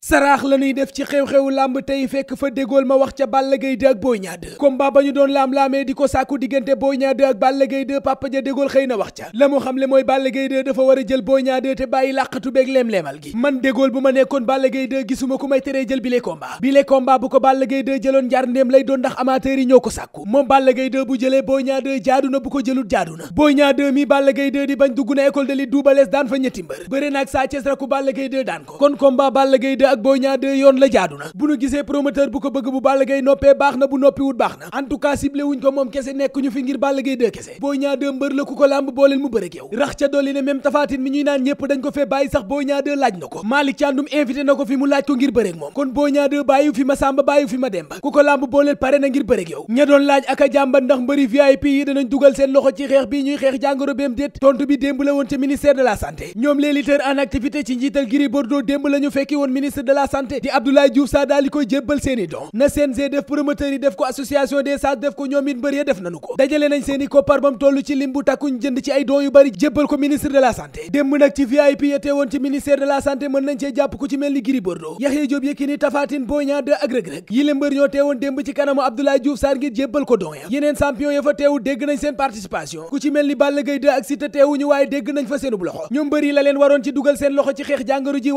saraax la ñuy def ci xew-xewu làmb tey fekk fa dégool ma wax ca Balla Gaye ak Boy Niang 2 combat ba ñu doon laam-laamee di ko sàkku diggante Boy Niang 2 ak Balla Gaye 2 na wax ca la mu xamle mooy Balla Gaye 2 dafa war a jël Boy Niang te bàyyi làqatu beeg leem-leemal gi man dégool ma nekkoon Balla Gaye 2 gisuma ku jël bile combat bile combat bu ko Balla Gaye 2 jëloon njar ndéem lay doon ndax amateurs yi ñoo ko sàkku moom Balla Gaye jaadu na bu ko jëlut jaadu na Boy Niang 2 mi Balla Gaye 2 di bañ dugg na école de li duubalees daan fa ñetti mbër bëre naag Sa Thiès raku Balla Gaye daan ko kon combat Balla Gaye Siteu ak Boy Niang yoon la jaadu na bu nu gisee promoteur bu ko bëgg bu Balla Gaye noppee baax na bu noppiwut baax na en tout ko moom kese nekk ñu fi ngir Balla Gaye 2 kese Boy Niang mbër la ku ko làmb booleel mu bëre ak rax ca dolli ne même tafaatin mi ñuy naan ñépp dañ ko fee bàyyi sax Boy Niang laaj na ko Malick Thiandoum invité na ko fi mu laaj ko ngir bëre moom kon Boy Niang 2 fi ma sàmba bàyyiwu fi ma demba ku ko làmb booleel pare ministre de la santé di Abdoulaye Diouf Sarr daal di koy jébbal seeni don na CNG def promoteur yi def ko association des sages def ko ñoom mbër ya def nanu ko dajale nañ seeni koppar bam toll ci lim bu tàkkuñ jënd ci ay don yu bari jébbal ko ministre de la santé démb nag ci VIP ya teewoon ci ministère de la santé mën nañ cee jàpp ku ci mel ni Gris Bordeaux Yaxya Jóob Yékini Tapha Tine Boy Niang ak Reug Reug yi la mbër ñoo teewoon démb ci kanamu Abdoulaye ko don ya yeneen champion ya fa teewu dégg nañ seen participation ku ci mel ni Balla Gaye 2 leen waroon ci dugal seen loxo ci xeex jàngoro ji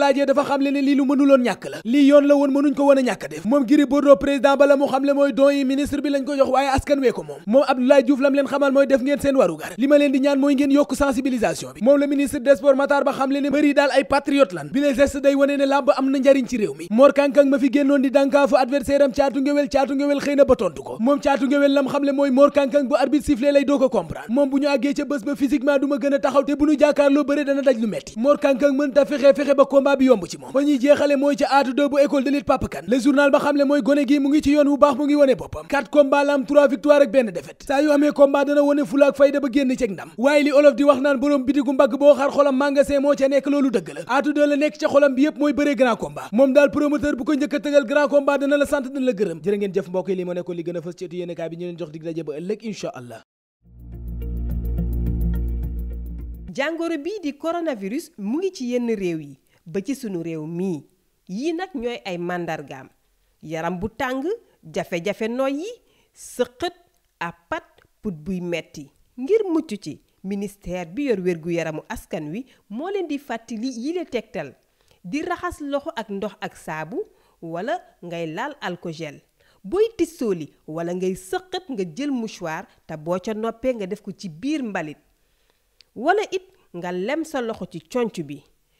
laajee dafa xam lii lu mënuloon ñàkk la lii yoon la woon mënuñ ko woon ñàkk def moom Gris Bordeaux président ba la mu xam mooy don ministre bi lañ ko jox waaye askan wee ko moom moom Abdoulaye leen xamal mooy def ngeen seen warugar li ma leen di ñaan mooy ngeen yokk sensibilisation bi moom la ministre des sports Ba xam ne bëri daal ay patriote lan bi les gestes day wane ne làmb am na njariñ ci réew mi Mor Kankang ma fi génnoon di dànkaafu adversaire am combat bi di wax a tëgal grand combat dana la sant dana la gërëm jërë ngeen jëf mbokk a fës ci etu bi ñu leen jox dig mu ngi ci yenn réew yi ba ci sunu réew mii yii nag ñooy ay màndargaam yaram bu tàng jafe-jafe noyyi sëqët apat put buy metti ngir mucc ci ministeer bi yor wérgu yaramu askan wi moo leen di fàttali yile tegtal di raxas loxo ak ndox ak saabu wala ngay laal alkogel booy tissooli wala ngay sëqat nga jël mouchoir te boo ca noppee nga def ko ci biir mbalit wala it nga lem sa loxo ci conc bi